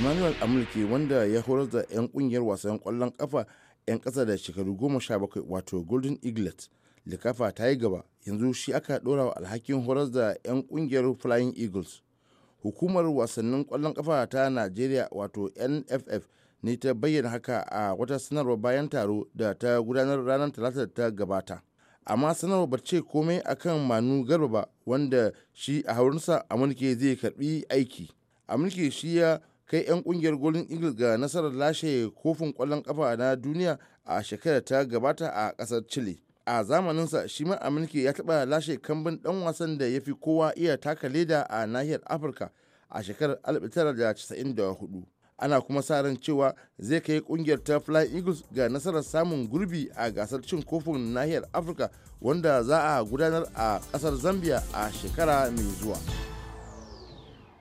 emmanuel amurke wanda ya horar da 'yan kungiyar wasan kwallon kafa 'yan kasa da shekaru 17 wato golden eaglet likafa ta yi gaba yanzu shi aka dora wa alhakin horar da 'yan kungiyar flying eagles hukumar wasannin kwallon kafa ta nigeria wato nff ne ta bayyana haka a wata sanarwa bayan taro da ta gudanar ranar talata ta gabata amma sanarwa ba ce komai akan manu garba ba wanda shi a haurinsa amurke zai karbi aiki amurke shi ya kai 'yan kungiyar golin eagles ga nasarar lashe kofin kwallon kafa na duniya a shekarar ta gabata a kasar chile a zamaninsa shi ma amurki ya taba lashe kambin ɗan wasan da ya fi kowa iya taka leda a nahiyar afirka a shekarar 1994 ana kuma sa ran cewa zai kai kungiyar ta fly eagles ga nasarar samun gurbi a gasar cin kofin nahiyar afirka wanda za a gudanar a kasar zambia a shekara mai zuwa.